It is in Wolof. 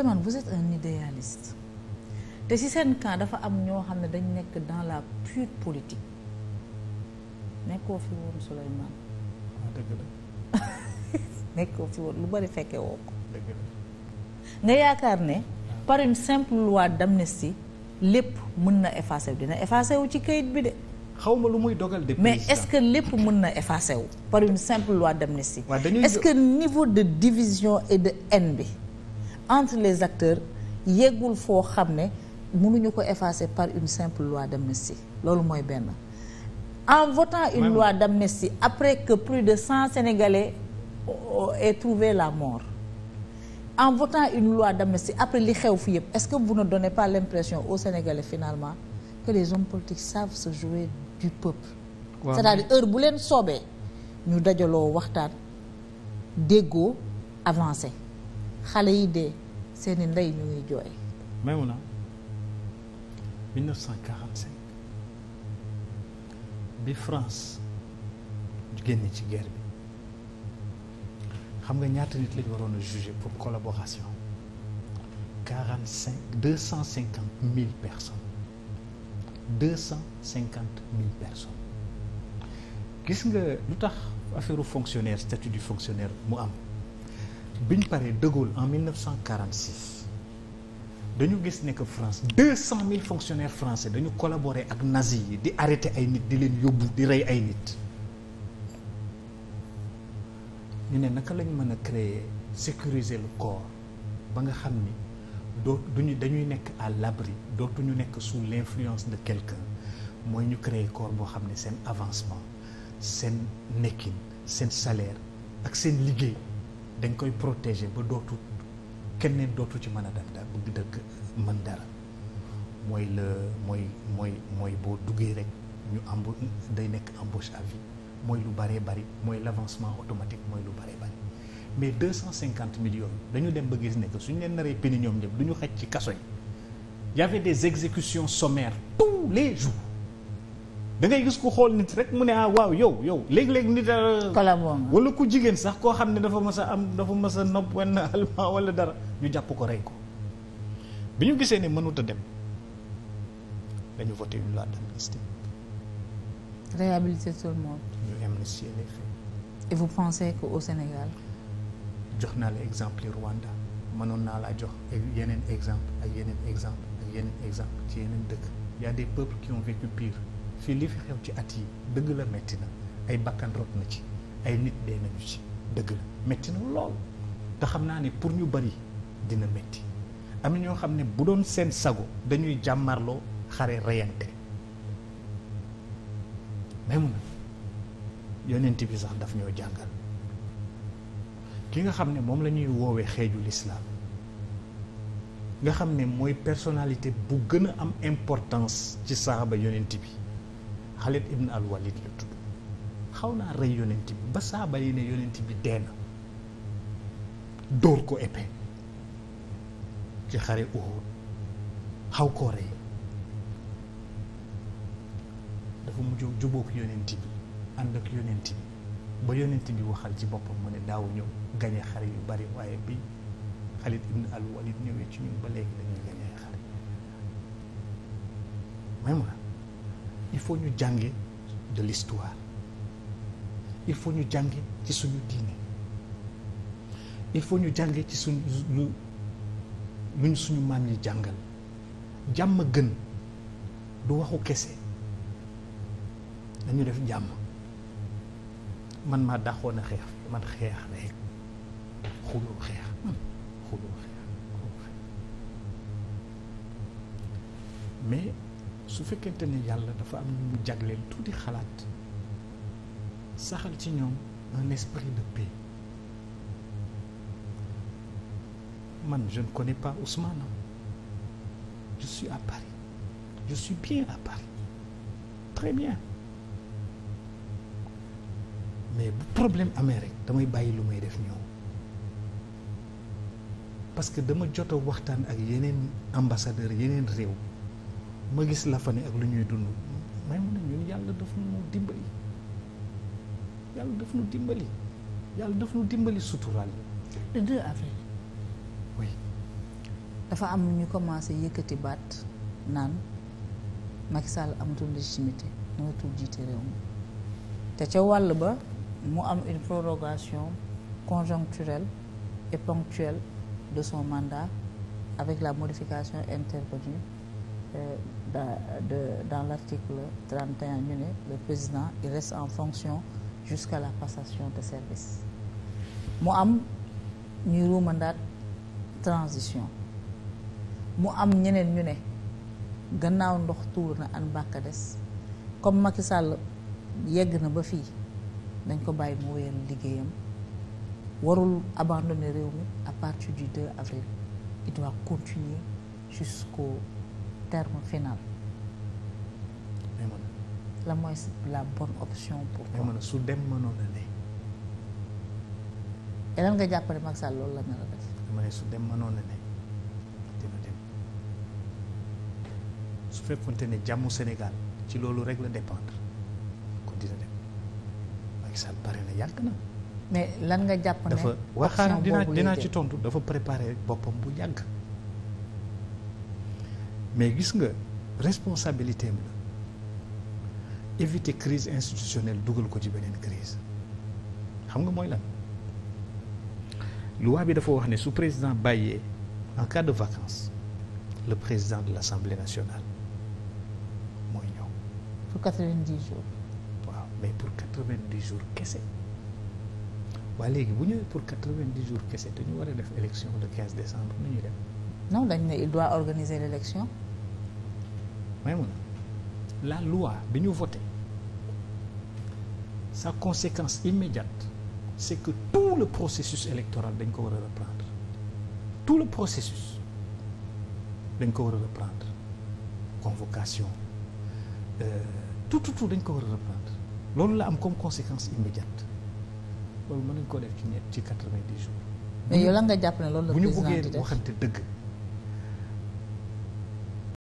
Souleymane vous un idéaliste te ci seen camp dafa am ñoo xam ne dañ nekk dans la pure politique nekkoo fi woon Souleymane. Ah, nekkoo fi woon lu bari fekkee woo ko. nga yaakaar ne par une simple loi d'amnistie lépp mën na effacé dina effacé wu ci kayit bi de. xaw ma lu muy dogal depuis mais est-ce que lépp mën na effacé wu. par une simple loi d'amnistie. est-ce que niveau de division et de haine bi. entre les acteurs yeggul foo xam ne mënuñu ko effacer par une simple loi d'amnistie loolu mooy benn en votant une Même... loi d'amnistie après que plus de cent Sénégalais aient trouvé la mort en votant une loi d'amnistie après li xew fi yëpp est-ce que vous ne donnez pas l'impression aux Sénégalais finalement que les hommes politiques savent se jouer du peuple c'est-à-dire heure bu leen soobee ñu dajaloo waxtaan déggoo avancé xale yi dee seeni ndey ñu ngi jooy. Maymuna 1945 bi France génne ci guerre bi xam nga ñaata nit lañu waroon a juger pour collaboration quarante cinq deux cinquante mille personnes cinquante gis nga lu tax affaire fonctionnaire statut di fonctionnaire mu am. biñ paree de Gaulle en 1946 dañu gis ne que France 200000 fonctionnaires français dañu collaborer ak nazi yi di arrêter ay nit di leen yóbbu di rey ay nit ñu ne naka lañ mën a créer sécuriser le corps ba nga xam ni doo duñu dañuy nekk à l'abri dootuñu nekk sous l'influence de quelqu'un mooy ñu créer corps boo xam ne seen avancement seen nekkin seen salaire ak seen liggéey dañ koy protéger ba dootu keneen dootu ci mën a def daal bëgg dëkk man dara mooy la mooy mooy mooy boo duggee rek ñu amb day nekk embauche à vie mooy lu baree bari mooy l' avancement automatique mooy lu bare bari mais deux cent cinquante millions dañu dem ba gis ne que suñu leen naree pini ñoom ñëpp du ñu xaj ci kaso yi y avait des exécutions sommaires tous les jours dangay gis ku xool nit rek mu ne ah waaw yow yow léeg-léeg nit ah, wala ku jigéen sax koo xam ne dafa mas a am dafa mas a nopp wenn alma wala dara ñu jàpp ko rey ko bi ñu gisee ni mënut dem dañu voté une loi d'amnistie réhabiliter tout le monde ñu amnistier les faits et vous pensez au Sénégal jox naa la exemple yi Rwanda mënoon naa laa jox yeneen exemple ak yeneen exemple ak yeneen exemple ci yeneen dëkk y a des qui ont vécu fii li fi xew ci at yi dëgg la metti na ay bakkan rot na ci ay nit dee nañu ci dëgg la metti na lool te xam naa ni pour ñu bari dina metti am ñoo xam ne bu doon seen sago dañuy jàmmarloo xare reyante mais yonent bi sax daf ñoo jàngal ki nga xam ne moom la ñuy woowee xeeju lislaam nga xam ne mooy personnalité bu gën a am importance ci saaba yonent bi Khalid ibn al la tudd xaw naa rey yonent bi ba saaba ne yonent bi dee na dóor ko épée ci xare Uhud xaw koo rey dafa mujj jubóog yonent bi ànd ak yonent bi ba yonent bi waxal ci boppam mu ne daaw ñëw gañe xare yu bari waaye bi Khalid ibn al ñëwee ci ñun ba léegi dañuy gañe xare même il faut ñu jànge de l'histoire il faut ñu jànge ci suñu diine il faut ñu jànge ci suñu lu luñ suñu maam yi jàngal jàmm gën du waxu kese dañu def jàmm man maa dàqoon a xeex man xeex rek xuloo xeex hmm. mais su fekkente ne yàlla dafa am ñu mu jagleel tuuti xalaat saxal ci ñoom un esprit de paix man je ne connais pas Ousmane je suis à Paris je suis bien à Paris très bien mais bu problème amee rek damay bàyyi lu may def ñoom parce que dama jot waxtaan ak yeneen ambassadeur yeneen réew. ma gis la ak lu ñuy dund may mun a ñun yàlla daf nu dimbali yàlla daf nu dimbali yàlla daf nu dimbali suturaal le 2 am ñu commencé yëkkati baat naan Macky Sall amatul légitimité mënatul jiite réew mi te ca wàll ba mu am une prorogation conjoncturelle et ponctuelle de son mandat avec la modification intervenue Euh, dans de dans l'article 31 ñu ne le président il reste en fonction jusqu'à la passation de service mu am ñuy ruumandaat transition mu am ñeneen ñu ne gannaaw ndox tuur na an bàkka des comme Macky Sall yegg na ba fii dañ ko bàyyi mu wéyal liggéeyam warul abandonner réew mi à partir du 2 avril il doit continuer jusqu'au terme final. mais man. la mooy la bonne option pour toi. man su dem mënoon na ne. lan nga jàpp ne Macky Sall loolu la def. su dem mënoon ne su fekkonte ne jàmmu Sénégal ci loolu rek la dépendre kon dina dem Macky pare na yàgg na. mais lan nga jàpp ne. dafa waxaan dinaa dinaa ci tontu dafa préparé boppam bu yàgg. mais gis nga responsabilité am la éviter crise institutionnelle dugal ko ci beneen crise xam nga mooy lan loi bi dafa wax ne su président bàyyee en cas de vacances le président de l'Assemblée nationale mooy ñëw. pour quatre-vingt-dix jours. waaw mais pour quatre-vingt-dix jours kese waaye léegi bu ñëwee pour quatre-vingt-dix jours kese te ñu war def élection de quinze décembre nu ñuy dem. non dañ ne il doit organiser l'élection Maïmouna la loi bi ñu voté sa conséquence immédiate c'est que tout le processus électoral dañ ko war a reprendre tout le processus dañ ko war a reprendre convocation euh, tout tout tout dañ ko war a reprendre loolu la am comme conséquence immédiate loolu mën nañ koo def ci ñett ci quatre-vingt-dix jours mais yow la nga jàpp ne loolu la bu ñu buggee waxante dëgg